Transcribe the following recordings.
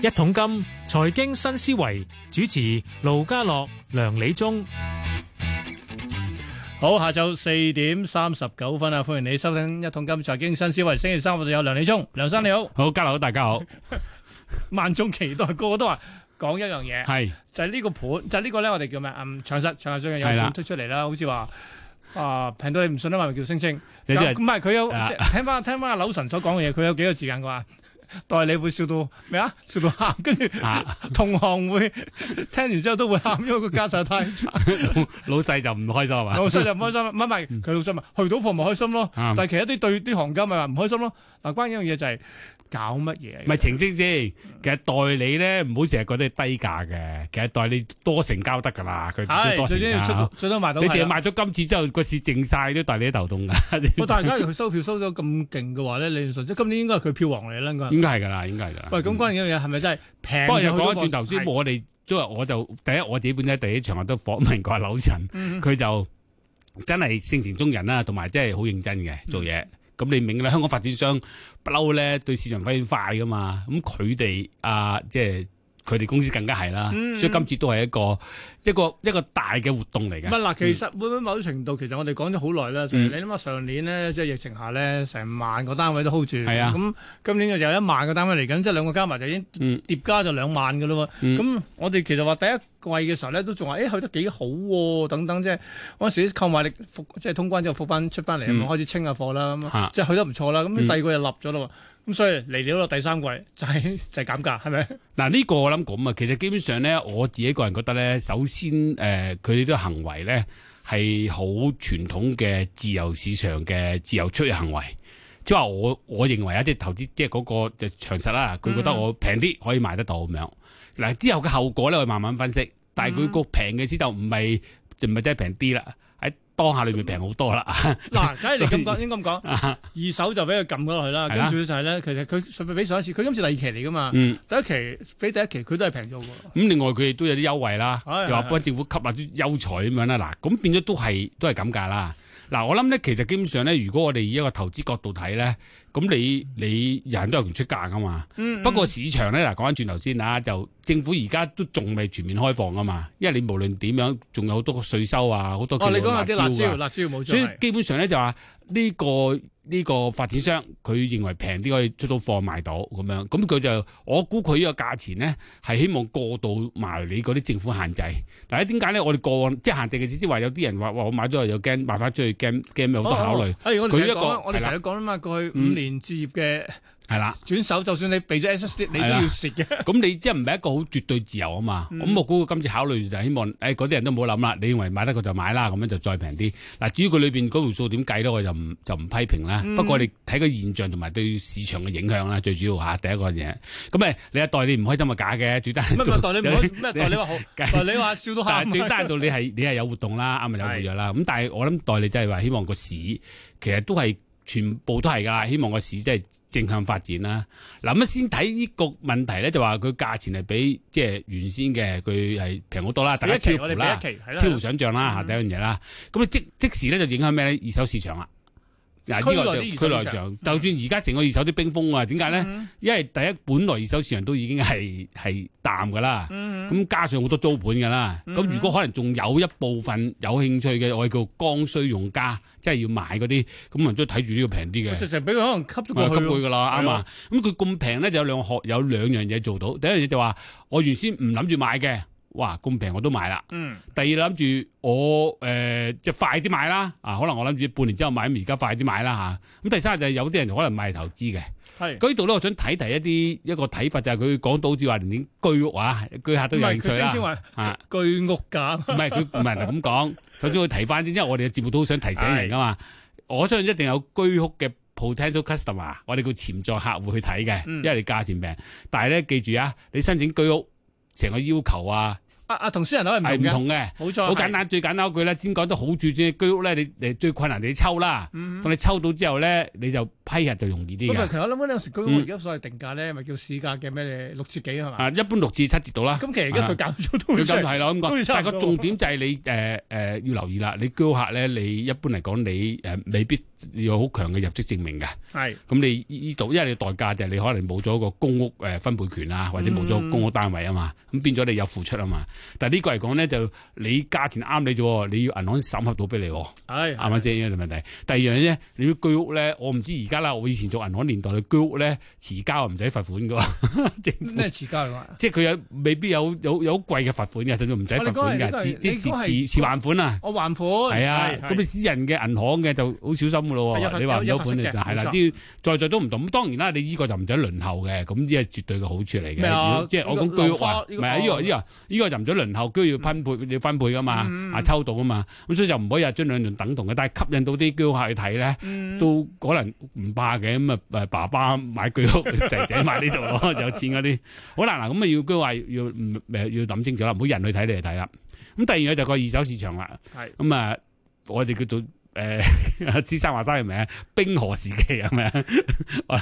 一桶金財經新思維主持盧家樂、梁理中，好，下晝四點三十九分啊！歡迎你收聽一桶金財經新思維。星期三我哋有梁理中，梁生你好，好，家樂好，大家好，萬眾期待，個個都話講一樣嘢，係就係呢個盤，就係呢個咧，我哋叫咩？嗯，長實長實最近有盤推出嚟啦，好似話啊平到你唔信啦，咪叫聲稱。你知唔係佢有聽翻聽翻阿柳神所講嘅嘢，佢有幾個時間講話？代理會笑到咩啊？笑到喊，跟住、啊、同行會聽完之後都會喊，因為個家稅太 老老細就唔開心係嘛？老細就唔開心，唔係係佢老細咪 去到貨咪開心咯，嗯、但係其他啲對啲行家咪話唔開心咯。嗱、嗯，關於一樣嘢就係、是。搞乜嘢？唔係澄清先，其實代理咧唔好成日覺得低價嘅，其實代理多成交得噶啦。佢最多多賣到，你淨係賣咗今次之後，個市淨晒，都代理頭凍嘅。我大家如果收票收咗咁勁嘅話咧，你元順即今年應該係佢票王嚟啦。應該係㗎啦，應該係㗎。喂，咁嗰樣嘢係咪真係平？不過又講一轉頭先，我哋即係我就第一我自己本身第一場我都訪問過樓臣，佢就真係性情中人啦，同埋真係好認真嘅做嘢。咁你明啦，香港發展商不嬲咧，對市場反應快㗎嘛，咁佢哋啊，即係。佢哋公司更加係啦，所以今次都係一個一個一個大嘅活動嚟嘅。唔係嗱，其實會唔會某程度，其實我哋講咗好耐啦。你諗下上年咧，即係疫情下咧，成萬個單位都 hold 住。係啊，咁今年就有一萬個單位嚟緊，即係兩個加埋就已經疊加就兩萬嘅咯喎。咁我哋其實話第一季嘅時候咧，都仲話誒去得幾好喎，等等即係嗰陣時啲購買力復即係通關之後復翻出翻嚟，咪開始清下貨啦。即係去得唔錯啦。咁第二季又立咗咯喎。咁所以嚟，料到第三季就係、是、就係減價，係咪？嗱，呢個我諗咁啊，其實基本上咧，我自己個人覺得咧，首先誒佢哋啲行為咧係好傳統嘅自由市場嘅自由出入行為，即係話我我認為即啲投資即係嗰個就長實啦，佢覺得我平啲可以賣得到咁樣。嗱，之後嘅後果咧我慢慢分析，但係佢個平嘅意思就唔係唔係真係平啲啦。當下裏面平好多啦、嗯，嗱，梗係你咁講，應該咁講，二手就俾佢撳咗落去啦，跟住、嗯、就係咧，其實佢順便俾上一次，佢今次第二期嚟噶嘛，嗯、第一期俾第一期佢都係平咗嘅，咁另外佢亦都有啲優惠啦，又話幫政府吸下啲優才咁樣啦，嗱，咁變咗都係都係咁價啦，嗱，我諗咧其實基本上咧，如果我哋以一個投資角度睇咧。咁你你人人都有權出價噶嘛？嗯嗯，不過市場咧嗱，講翻轉頭先啦，就政府而家都仲未全面開放噶嘛，因為你無論點樣，仲有好多個稅收啊，好多叫辣招嘅，哦、你講下啲辣招，辣招冇錯。所以基本上咧就話呢，這個呢，這個發展商，佢認為平啲可以出貨到貨賣到咁樣，咁佢就我估佢呢個價錢咧係希望過到埋你嗰啲政府限制。但嗱，點解咧？我哋個即係限制嘅意思，即係話有啲人話，我買咗又驚，賣翻出去驚，驚好多考慮。哎，啊，我哋講，那個，我哋成日講啊嘛，啦過去五年，嗯。連置業嘅係啦，轉手就算你避咗 SSD 你都要蝕嘅。咁你即係唔係一個好絕對自由啊嘛？咁我估今次考慮就希望，誒，嗰啲人都唔好諗啦。你認為買得過就買啦，咁樣就再平啲。嗱，至於佢裏邊嗰條數點計咧，我就唔就唔批評啦。不過你睇個現象同埋對市場嘅影響啦，最主要吓第一個嘢。咁誒，你阿代理唔開心係假嘅，最低到咩？代理唔開心咩？代理話好，代理話笑到但最低到你係你係有活動啦，啱咪有活躍啦。咁但係我諗代理就係話希望個市其實都係。全部都係噶，希望個市即係正向發展啦。嗱，咁先睇呢個問題咧，就話佢價錢係比即係原先嘅佢係平好多啦，大家超乎啦，超乎想像啦，下第、嗯、一樣嘢啦。咁啊即即時咧就影響咩二手市場啦。嗱，呢個就區內，區內、嗯、就算而家成個二手啲冰封啊，點解咧？嗯、因為第一，本來二手市場都已經係係淡噶啦，咁、嗯、加上好多租盤噶啦，咁、嗯、如果可能仲有一部分有興趣嘅，我哋叫剛需用家，即係要買嗰啲，咁人都睇住呢個平啲嘅，就成俾佢可能吸咗過去，嗯嗯、吸去噶啦啱啊！咁佢咁平咧，就有兩學有兩樣嘢做到，第一樣嘢就話、是，我原先唔諗住買嘅。哇咁平我都買啦。嗯、第二諗住我誒、呃，即係快啲買啦。啊，可能我諗住半年之後買，咁而家快啲買啦吓。咁、啊、第三就係、是、有啲人可能買嚟投資嘅。係是。呢度咧，我想提提一啲一,一個睇法、就是，就係佢講到好似話連居屋啊，居客都有興趣啊，居屋價。唔係佢唔係咁講，首先佢提翻先， 因為我哋嘅節目都好想提醒人噶嘛。是我相信一定有居屋嘅 potential customer，我哋叫潛在客戶去睇嘅，因為你價錢平。但係咧，記住啊，你申請居屋。成個要求啊，阿阿、啊啊、同私人樓係唔同嘅，好在好簡單，是最簡單嗰句咧，先講得好住先。居屋咧，你誒最困難你抽啦。嗯，你抽到之後咧，你就批核就容易啲。咁啊、嗯，其實我諗嗰陣時居屋而家所謂定價咧，咪叫市價嘅咩六折幾係嘛？啊，一般六至七折到啦。咁、嗯、其實而家佢搞咗都係咯，啊、 但係個重點就係你誒誒、呃呃、要留意啦。你居屋客咧，你一般嚟講你誒、呃、未必。有好強嘅入職證明嘅，係咁你依度，因為你代價就係你可能冇咗個公屋誒分配權啊，或者冇咗公屋單位啊嘛，咁變咗你有付出啊嘛。但係呢個嚟講咧，就你價錢啱你咗，你要銀行審核到俾你，係啱唔啱先呢個問題。第二樣嘢你要居屋咧，我唔知而家啦，我以前做銀行年代嘅居屋咧，遲交唔使罰款嘅，咩遲交啊？即係佢有未必有有有好貴嘅罰款嘅，甚至唔使罰款嘅，即係遲遲還款啊！我還款係啊，咁你私人嘅銀行嘅就好小心。你話有本你就係啦，啲在在都唔同。咁當然啦，你依個就唔使輪候嘅，咁呢係絕對嘅好處嚟嘅。即係我講居屋啊，唔係依個依個依個唔使輪候，居屋要分配要分配噶嘛，啊抽到噶嘛。咁所以就唔可以話將兩樣等同嘅。但係吸引到啲居屋客去睇咧，都可能唔怕嘅。咁啊爸爸買居屋，仔仔買呢度咯，有錢嗰啲。好啦嗱，咁啊要居屋客要要諗清楚啦，唔好人去睇你去睇啦。咁第二樣就個二手市場啦。咁啊，我哋叫做。誒，阿先生話齋係咪啊？冰河時期係咪啊？ 我諗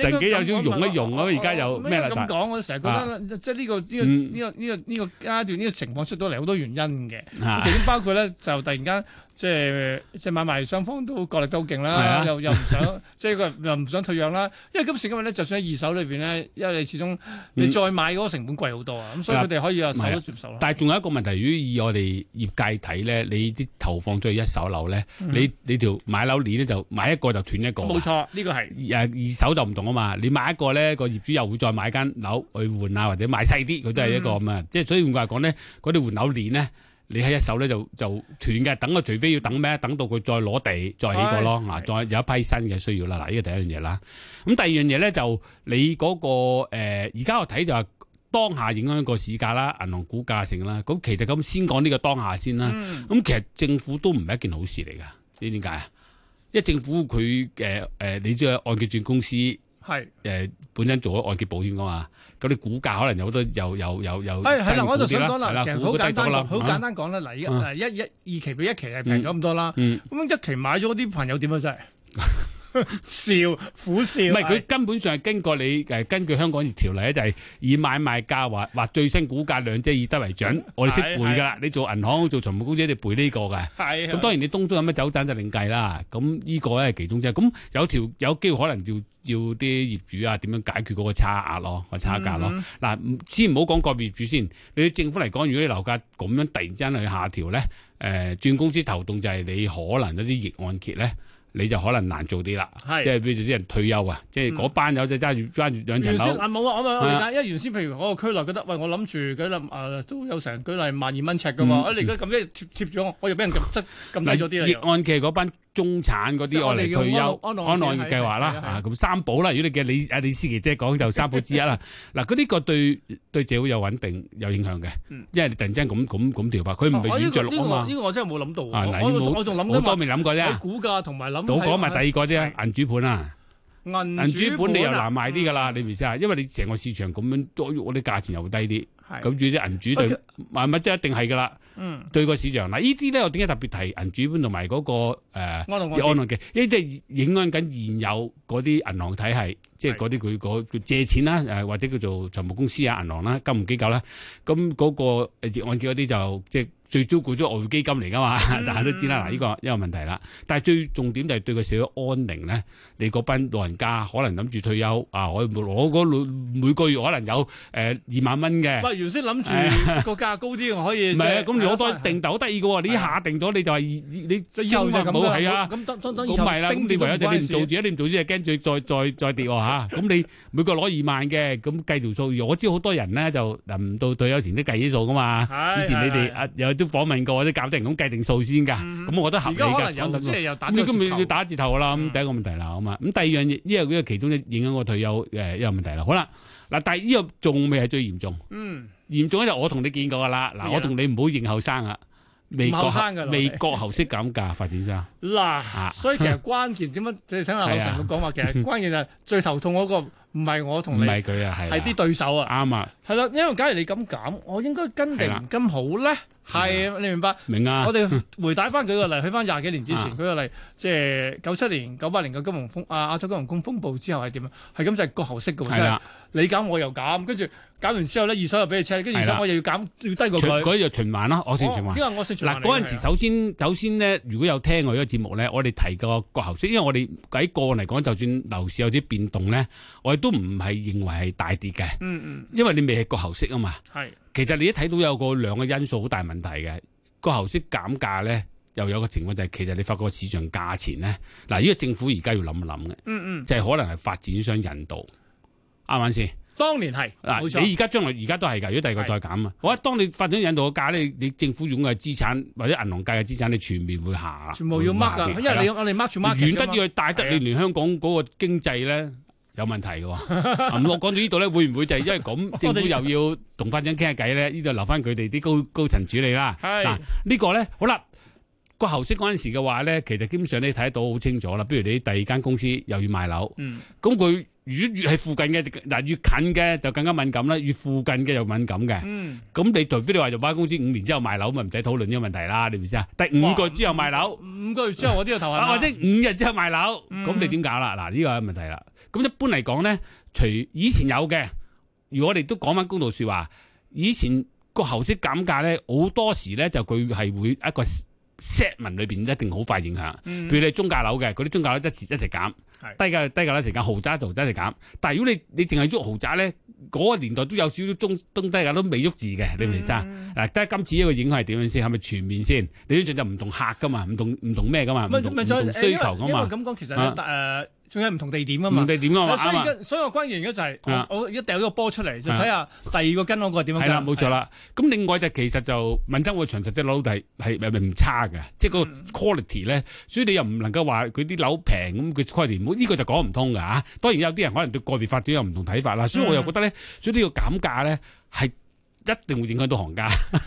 想誒、己、uh, 有少融一融咯。而家又咩啦？咁講、uh, 嗯，我成日覺得即係呢個呢、這個呢、這個呢個呢個階段呢、這個情況出到嚟，好多原因嘅。Uh. 其中包括咧，就突然間。即係即係買賣雙方都角力都勁啦，啊、又又唔想 即係佢又唔想退讓啦。因為今時今日咧，就算喺二手裏邊咧，因為你始終你再買嗰個成本貴好多啊，咁、嗯、所以佢哋可以啊受都接受、嗯、但係仲有一個問題，如果以我哋業界睇咧，你啲投放出去一手樓咧，嗯、你你條買樓鏈咧就買一個就斷一個。冇、嗯、錯，呢、呢個係誒二手就唔同啊嘛。你買一個咧，個業主又會再買間樓去換啊，或者買細啲，佢都係一個咁啊。即係、嗯、所以換句話講咧，嗰啲換樓鏈咧。你喺一手咧就就斷嘅，等佢除非要等咩？等到佢再攞地再起過咯，嗱、哎，再有一批新嘅需要啦。嗱，呢個第一樣嘢啦。咁第二樣嘢咧就你嗰、嗰個而家、呃、我睇就係當下影響個市價啦、銀行估價性啦。咁其實咁先講呢個當下先啦。咁、嗯、其實政府都唔係一件好事嚟噶，知點解啊？因為政府佢誒誒，你知啊，按揭轉公司，係，誒是、呃、本身做咗按揭保險噶嘛，咁你股價可能有好多，有有有有，誒係啦，我就想講咗啦，好的簡單，好、嗯、簡單講啦，嚟嚟一一,一二期比一期係平咗咁多啦，咁、嗯嗯、一期買咗嗰啲朋友點樣啫？ 笑，苦笑。唔係佢根本上係經過你誒，根據香港條例咧，就係、是、以買賣價或或最新股價兩者以得為準。嗯、我哋識背噶啦，是是你做銀行做財務公司，你背呢個噶。係。咁當然你當中有咩走單就另計啦。咁呢個咧係其中啫。咁有條有機會可能要要啲業主啊，點樣解決嗰個差額咯，個差價咯。嗱，先唔好講個別業主先。你政府嚟講，如果你樓價咁樣突然間去下調咧，誒、呃，轉公司投動就係你可能一啲逆按揭咧。你就可能難做啲啦，是即係俾住啲人退休啊，即係嗰班友就揸住揸住兩隻手。原先啊冇啊，我我因為原先譬如嗰個區內覺得，喂、啊，我諗住嗰粒啊都有成，舉例萬二蚊尺嘅嘛，你而家咁樣貼貼咗，我又俾人撳側撳低咗啲啦。別 案班。中產嗰啲我嚟退休安老計劃啦，咁三寶啦。如果你嘅李啊李思琪姐講就三寶之一啦。嗱，嗰啲個對對社會有穩定有影響嘅，因為你突然間咁咁咁調法，佢唔係軟着陸噶嘛。呢個我真係冇諗到我仲諗多未諗過啫。我估噶，同埋諗我講埋第二個啫，銀主盤啊，銀主盤你又難賣啲噶啦，你明唔明啊？因為你成個市場咁樣捉喐，嗰啲價錢又會低啲。咁，住啲銀主對物物，即一定係噶啦。嗯，對個市場啦，呢啲咧我點解特別提銀主盤同埋嗰個誒安龍嘅？呢即係影響緊現有嗰啲銀行體系。即係嗰啲佢嗰借錢啦，誒或者叫做財務公司啊、銀行啦、金融機構啦，咁嗰個案件嗰啲就即係最早攰咗外匯基金嚟㗎嘛，大家都知啦。嗱，呢個一個問題啦。但係最重點就係對個社會安寧咧，你嗰班老人家可能諗住退休啊，我我每每個月可能有誒二萬蚊嘅。原先諗住個價高啲，可以唔係啊？咁攞多定頭好得意嘅喎，你一下定咗你就話你先話冇係啊？咁等等等等，升你唯有你唔做住啊！你唔做住就驚再再再跌嚇。 啊，咁你每個攞二萬嘅，咁計條數，我知好多人咧就臨到退休前都計依啲數噶嘛。以前你哋啊，有都訪問過或者搞定咁計定數先噶。咁我覺得合理噶。咁你今要打字頭啦，咁、嗯、第一個問題啦，啊嘛。咁第二樣，嘢，呢個其中影響我退休誒一個、呃、問題啦。好啦，嗱，但係呢個仲未係最嚴重。嗯，嚴重咧就我同你見過噶啦。嗱，我同你唔好認後生啊。嗯唔好慳噶，割喉式減價發展商嗱，所以其實關鍵點乜？你聽下老陳嘅講話，其實關鍵就係最頭痛嗰個唔係我同你，唔係佢啊，係係啲對手啊，啱啊，係咯，因為假如你咁減，我應該跟定唔跟好咧？係你明白？明啊！我哋回帶翻佢個例，去翻廿幾年之前，佢個例即係九七年、九八年嘅金融風啊，亞洲金融風風暴之後係點啊？係咁就係割喉式嘅喎，即係你減我又減，跟住。搞完之後咧，二手又俾佢拆，跟住二手我又要減，的要低過佢。就循，循，循環啦，我先因為我嗱，嗰陣時首先的首先咧，如果有聽我呢個節目咧，我哋提過個後息，因為我哋喺個嚟講，就算樓市有啲變動咧，我哋都唔係認為係大跌嘅。嗯嗯。因為你未係個後息啊嘛。係是。其實你一睇到有個兩個因素好大問題嘅個後息減價咧，又有個情況就係、是、其實你發覺市場價錢咧，嗱，呢個政府而家要諗一諗嘅。就是、嗯嗯。就係可能係發展商引導，啱唔啱先？當年係嗱，你而家將來而家都係㗎，如果第二個再減啊！我的當你發展引導嘅價咧，你政府用嘅資產或者銀行計嘅資產，你全面會下全部要 mark 啊、er！的因為你我哋 mark 住、er、了遠得要大得的你連香港嗰個經濟咧有問題嘅。咁、 嗯、我講到呢度咧，會唔會就係因為咁， 政府又要同發展傾下偈咧？呢度留翻佢哋啲高高層處理啦。嗱的，這個、呢個咧好啦，個後息嗰陣時嘅話咧，其實基本上你睇得到好清楚啦。不如你第二間公司又要賣樓，咁佢、嗯。如果越係附近嘅嗱越近嘅就更加敏感啦，越附近嘅就敏感嘅。咁、嗯、你除非你話就翻公司五年之後賣樓，咪唔使討論呢個問題啦。你明唔知？啊？第五個月之後賣樓，五個月之後我都要投下。或者五日之後賣樓，咁、嗯、你點搞啦？嗱呢個係問題啦。咁一般嚟講咧，除以前有嘅，如果我哋都講翻公道說話，以前個後息減價咧，好多時咧就佢係會一個。set 文裡面一定好快影響，譬如你中價樓嘅嗰啲中價樓一直一直減，是低價低價樓一直減，豪宅一度一直減。但係如果你你淨係喐豪宅咧，嗰、那個年代都有少少中中低價都未喐字嘅，你明唔明、嗯啊。但係今次呢個影響係點樣先，係咪全面先？你先生就唔同客噶嘛，唔同唔同咩噶嘛，唔同唔同需求噶嘛。因為咁講，其實誒。呃仲有唔同地點啊嘛，唔同地點啊嘛，所以吧所以個關鍵咧就係我一掉、啊、一個波出嚟、啊、就睇下第二個跟嗰個點樣，係啦冇錯啦。咁的另外就是、其實就問真我長實啲樓係係係唔差嘅，即、就、係、是、個 quality 咧。嗯、所以你又唔能夠話佢啲樓平咁佢 quality 唔好，呢、那個、個就講唔通㗎嚇、啊。當然有啲人可能對個別發展有唔同睇法啦，所以我又覺得咧，嗯、所以呢個減價咧係。一定會影響到行家，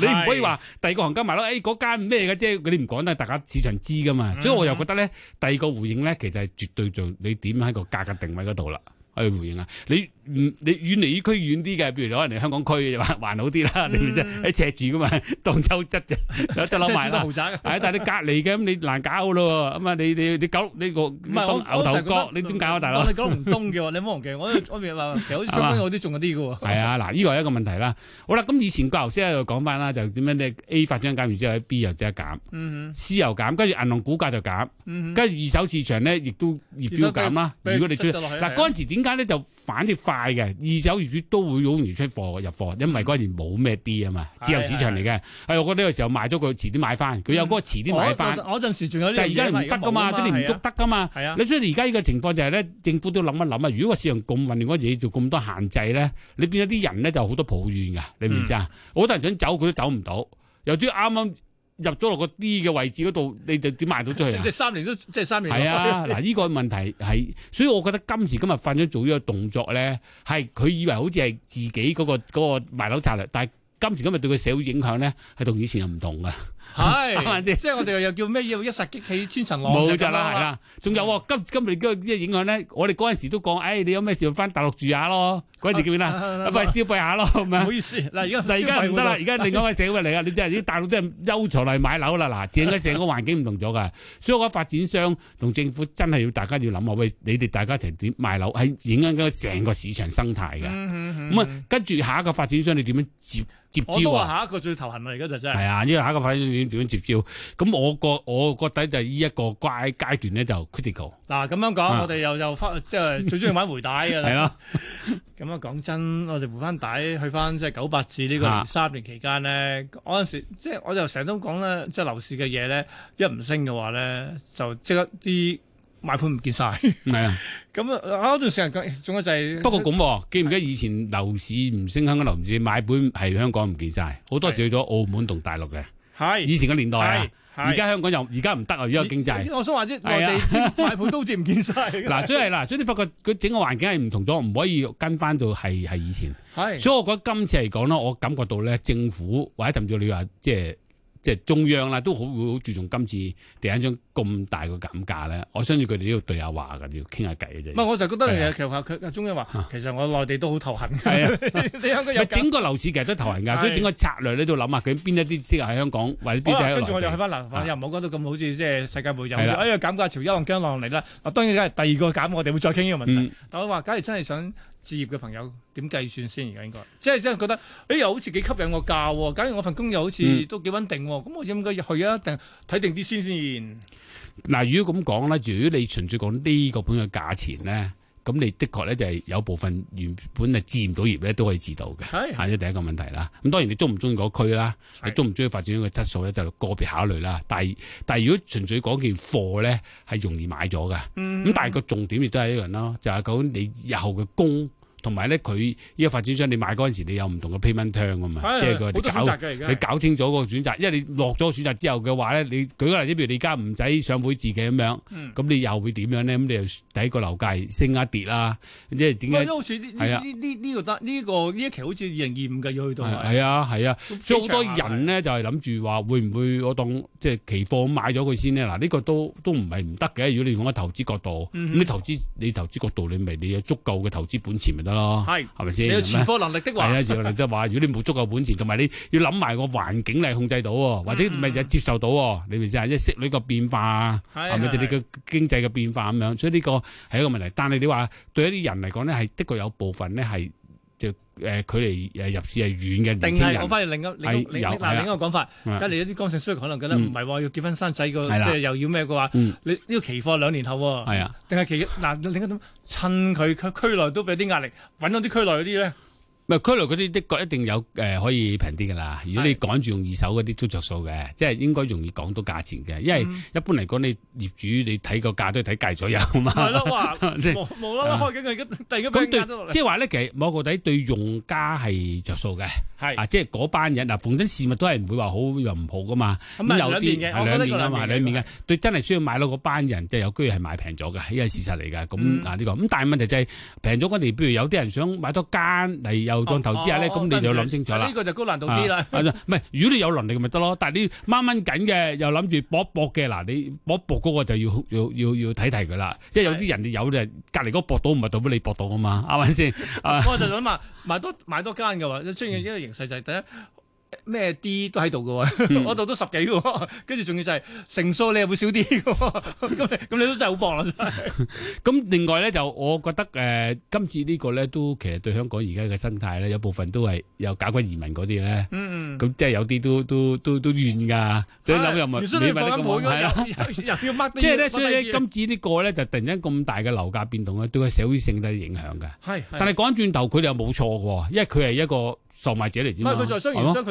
你唔可以話第二個行家埋咯，誒嗰是的、哎、間咩嘅，啫？你唔講咧，大家市場知噶嘛，嗯、哼所以我又覺得咧，第二個回應咧，其實係絕對做你點喺個價格定位嗰度啦，可以回應啊，你。你遠離呢區遠啲嘅，譬如攞人嚟香港區，就還好啲啦，嗯、係咪先？喺赤柱噶嘛，當優質啫，有得攞埋啦。係、哎，但係你隔離嘅咁，你難搞嘅咯咁啊，你你你九你個牛頭角，你點搞大佬？你哋唔冬嘅喎，你唔好忘記。我我咪話，其實好似張軍我都仲有啲嘅喎。係吧 啊，嗱，呢個係一個問題啦。好啦，咁以前頭先喺度講翻啦，就點樣咧？A 發展減完之後，B 又即刻減，嗯哼，C 又減，跟住銀行股價就減，跟住二手市場咧，亦都業績減啦。如果你出嗱嗰陣時點解咧就反逆反？嘅，二手業主都會好容易出貨入貨，因為嗰陣冇咩啲啊嘛，自由市場嚟嘅。係是、哎、我覺得有時候賣咗佢，遲啲買翻。佢、嗯、有嗰個遲啲買翻。陣時仲有但係而家唔得噶嘛，即你唔足得噶嘛。係啊，所以而家呢個情況就係、是、咧，政府都要諗一諗啊。如果個市場咁混亂，我哋要做咁多限制咧，你變咗啲人咧就好多抱怨噶。你明唔明先啊？好、嗯、多人想走，佢都走唔到，尤其啱啱。入咗落個 D 嘅位置嗰度，你哋點賣到出去？即係三年都，即係三年都。係啊，嗱，依個問題係，所以我覺得今時今日瞓咗做依個動作咧，係佢以為好似係自己嗰、那個嗰、那個賣樓策略，但係今時今日對個社會影響咧，係同以前又唔同噶。係， 哎、即係我哋又又叫咩？要一石激起千層浪錯。冇就啦，係啦。仲有，今今日嘅啲影響咧，我哋嗰陣時都講，誒、哎，你有咩事就翻大陸住下咯。嗰陣時叫咩啦？咁咪、啊啊、消費下咯，係咪？唔好意思。嗱，而家而家唔得啦。而家另外一個社會嚟啊！你啲大陸都係悠財嚟買樓啦。嗱，成個成個環境唔同咗噶。所以我覺得發展商同政府真係要大家要諗下，喂，你哋大家一齊點賣樓，係影響緊成個市場生態嘅。咁啊、嗯，嗯嗯、跟住下一個發展商，你點樣接接招、啊、下一個最頭痕而家就真、是、係。係啊，因 為樂下一個點樣接招，咁我覺我覺底就呢一個怪階段咧就 critical。嗱咁樣講，我哋又又翻，即係最中意玩回帶噶啦。係啦，咁啊講真，我哋回翻帶，去翻即係九八至呢個三年期間咧，嗰陣時即係我就成日都講咧，即係樓市嘅嘢咧，一唔升嘅話咧，就即刻啲買盤唔見晒。係啊，咁啊嗰段時間，仲有就係不過咁記唔記得以前樓市唔升，香港樓市買盤係香港唔見晒，好多時去咗澳門同大陸嘅。係以前嘅年代，係而家香港又而家唔得啊！而家經濟，呃、我想話先，內地買鋪都好似唔見晒。嗱， 所以係嗱，即係發覺佢整個環境係唔同咗，唔可以跟翻到係係以前。係是，所以我覺得今次嚟講咧，我感覺到咧，政府或者甚至你話即係即係中央啦，都好會好注重今次第一張。 咁大個減價咧，我相信佢哋都要對下話嘅，要傾下偈啫。唔係，我就覺得、啊、其實佢中央話，其實我內地都好頭痕嘅。啊， 你香港入整個樓市其實都頭痕㗎，啊、所以點解策略你度諗下佢邊一啲先合喺香港或者邊？啊，跟住我就去翻南，又唔好講到咁好似即係世界末日。係啦、啊，哎減價潮一浪驚一浪嚟啦。嗱，當然梗係第二個減，我哋會再傾呢個問題。嗯、但我話，假如真係想置業嘅朋友，點計算先而家應該？即係真係覺得，哎、欸、呀，又好似幾吸引我價喎。假如我份工又好似都幾穩定喎，咁我應該入去啊定睇定啲先先。嗱，如果咁講咧，如果你純粹講呢個盤嘅價錢咧，咁你的確咧就係有部分原本係置唔到業咧都可以置到嘅，係啊的，即第一個問題啦。咁當然你中唔中意嗰區啦，的你中唔中意發展商嘅質素咧，就是、個別考慮啦。但係但係如果純粹講件貨咧，係容易買咗嘅，咁、嗯、但係個重點亦都係一樣咯，就係、是、講你日後嘅供。同埋咧，佢呢個發展商，你買嗰陣時，你有唔同嘅 payment term 啊嘛，即係佢搞，你搞清楚個選擇。因為你落咗選擇之後嘅話咧，你舉個例子，譬如你而家唔使上會自己咁樣，咁、嗯、你又會點樣咧？咁你又第一個樓價升一跌啦，即係點解？係啊，呢呢呢個得呢、這個呢、這個這個這個、一期好似二零二五嘅要去到。係啊係啊，的所以好多人咧就係諗住話會唔會我當即係、就是、期貨買咗佢先咧？嗱，呢個都都唔係唔得嘅。如果你用咗投資角度，咁、嗯、哼你投資你投資角度，你咪你有足夠嘅投資本錢咪得。係，係咪先？有持貨能力的話，即係話，嗎 如果你冇足夠本錢，同埋你要諗埋個環境嚟控制到，或者咪就接受到，你明唔明先？即係息率個變化啊，係咪即係你個經濟嘅變化咁樣？ 所以呢個係一個問題。但係你話對一啲人嚟講咧，係的確有部分咧係。就誒佢嚟誒入市係遠嘅定係我翻去另一另另一個講是法，而家你一啲剛性需求，可能覺得唔係話要結婚生仔個，即係、啊、又要咩嘅話，啊、你呢個期貨兩年後喎、哦，啊，定係期嗱另一種趁佢佢區內都畀啲壓力，揾到啲區內嗰啲咧。唔區內嗰啲的確一定有誒、呃、可以平啲㗎啦。如果你趕住用二手嗰啲都着數嘅，的即係應該容易講到價錢嘅。因為一般嚟講，你業主你睇個價都係睇價左右嘛。冇咯，啦啦開緊係如果佢壓即係話咧，其實我個底對用家係着數嘅。即係嗰班人逢真事物都係唔會話好又唔好噶嘛。咁、嗯、有啲點係兩面啊，兩面嘅對真係需要買到嗰班人即係、就是、有居然係買平咗嘅，呢個事實嚟㗎。咁啊呢個咁但係問題就係平咗嗰年，譬如有啲人想買多間嚟投資下咧，咁、哦哦哦、你就諗清楚啦、哦。呢、哦啊、個就高難度啲啦。唔係，如果你有能力咪得咯。 但係你掹掹緊嘅，又諗住搏一搏嘅，嗱你搏一搏嗰個就要要要要睇睇佢啦。是的 因為有啲人哋有咧，隔離嗰個搏到唔係到俾你搏到啊嘛，啱唔啱先？是的 啊、我就諗話買多買多間嘅話，最緊要一個形勢就係第一。嗯咩啲都喺度嘅，嗰度都十幾嘅，跟住仲要就係成數你又會少啲嘅，咁你咁你都真係好搏啦，咁另外咧就，我覺得誒今次呢個咧都其實對香港而家嘅生態咧，有部分都係有搞緊移民嗰啲咧，咁即係有啲都都都都怨噶，所以諗又唔移民咁忙，係啦，又要 mark 啲，即係咧，所以咧今次呢個咧就突然間咁大嘅樓價變動咧，對個社會性都影響嘅，係。但係講轉頭，佢哋又冇錯嘅，因為佢係一個。售賣者嚟之嘛，商咯，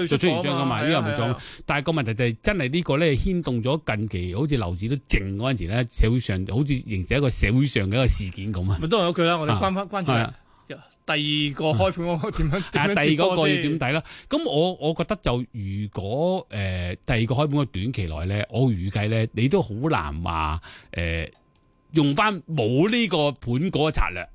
就出現張咁啊，呢個冇錯。但係個問題就係真係呢個咧牽動咗近期好似樓市都靜嗰陣時咧，社會上好似形成一個社會上嘅一個事件咁啊。咪都係咁佢啦，我哋關翻關注。第二個開盤我點樣點？第二個要點睇啦？咁我我覺得就如果誒第二個開盤嘅短期內咧，我預計咧你都好難話誒用翻冇呢個盤嗰個策略。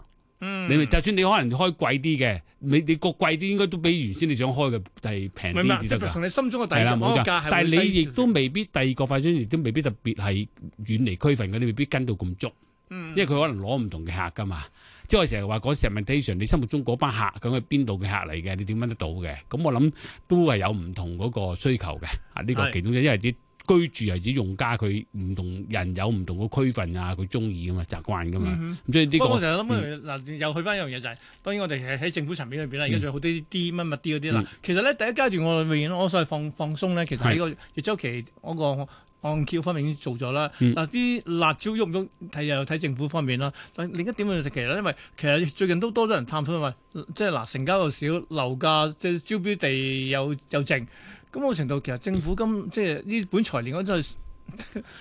嗯，你就算你可能開貴啲嘅，你你個貴啲應該都比原先你想開嘅係平啲啲得噶。同、嗯、吧你心中嘅底價，吧但係你亦都未必第二個快充亦都未必特別係遠離區分嗰啲，你未必跟到咁足。嗯、因為佢可能攞唔同嘅客噶嘛，即係我成日話講嗰個 segmentation，你心目中嗰班客咁係邊度嘅客嚟嘅？你點揾得到嘅？咁我諗都係有唔同嗰個需求嘅。啊，呢個其中一，因為啲。居住又指用家，佢唔同人有唔同嘅區分啊，佢中意噶嘛，習慣噶嘛，咁乖 所以呢、這個嗯、我成日諗嗱，又去翻一樣嘢就係、是，當然我哋係喺政府層面裏邊咧，而家仲有好多啲乜乜啲嗰啲啦。其實咧第一階段我裏面，我所謂放放鬆咧，嗯、其實喺、這個逆週期嗰個按揭方面已經做咗啦。嗱啲辣椒喐唔喐，睇又睇政府方面啦。但另一點嘅就係其實呢，因為其實最近都多咗人探討，因為即係嗱成交又少，樓價即係招標地又又剩。咁嘅程度，其實政府今即係呢本財年真係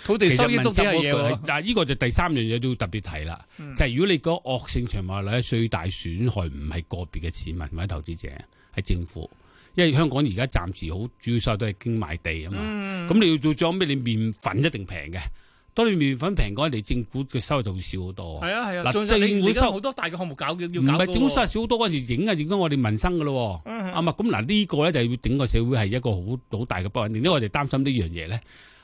土地收益都幾嘢。嗱，呢個就第三樣嘢都要特別提啦。嗯、就係如果你講惡性循環咧，最大損害唔係個別嘅市民或者投資者，係政府。因為香港而家暫時好主要收入都係經賣地啊嘛。咁、嗯、你要做咗咩？你麵粉一定平嘅。當你麵粉平嗰陣，嚟政府嘅收入就會少好多，係啊係啊，嗱、啊，政府收好多大嘅項目搞嘅，要唔係政府收入少好多嗰陣時，影啊影緊我哋民生噶咯，嗯、啊咁嗱、啊、呢個咧就要、是、整個社會係一個好好大嘅不穩定，因為、嗯啊、我哋擔心呢樣嘢咧。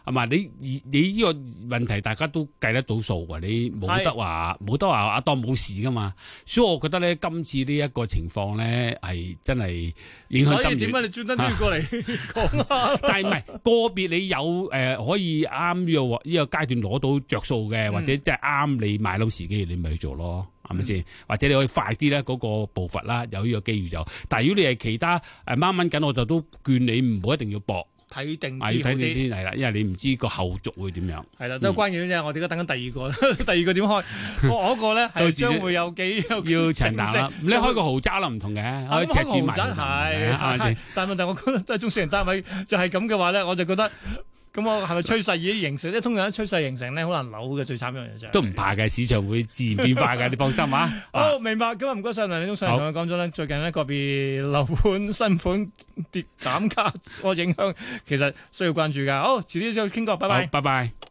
係咪你你呢個問題大家都計得到數噶？你冇得話冇是得話阿當冇事噶嘛？所以我覺得咧，今次呢一個情況咧，係真係影響深遠。所以點解你專登要過嚟、啊、 但係唔係個別，你有誒、呃、可以啱用呢個階段攞到着數嘅，或者即係啱你買樓時機，你咪去做咯，係咪先？或者你可以快啲咧嗰個步伐啦，有呢個機遇就。但係如果你係其他誒掹掹緊，我就都勸你唔好一定要搏。睇定睇要先。係啦，因為你唔知個後續會點樣。係啦，都係關鍵啫。我哋而家等緊第二個，第二個點開？我嗰個咧係將會有機要拆彈。你開個豪宅啦，唔同嘅，開拆住埋。係，但係問題，我覺得都係中種私人單位。就係咁嘅話咧，我就覺得。咁我係咪趨勢已經形成？即係通常一趨勢形成咧，好難扭嘅，最慘一樣嘢就都唔怕嘅，市場會自然變化嘅， 你放心啊！好明白，咁啊唔該晒，梁理中同我講咗咧，最近咧個別樓盤新盤跌減價個影響，其實需要關注噶。好，遲啲再傾過，拜拜，拜拜。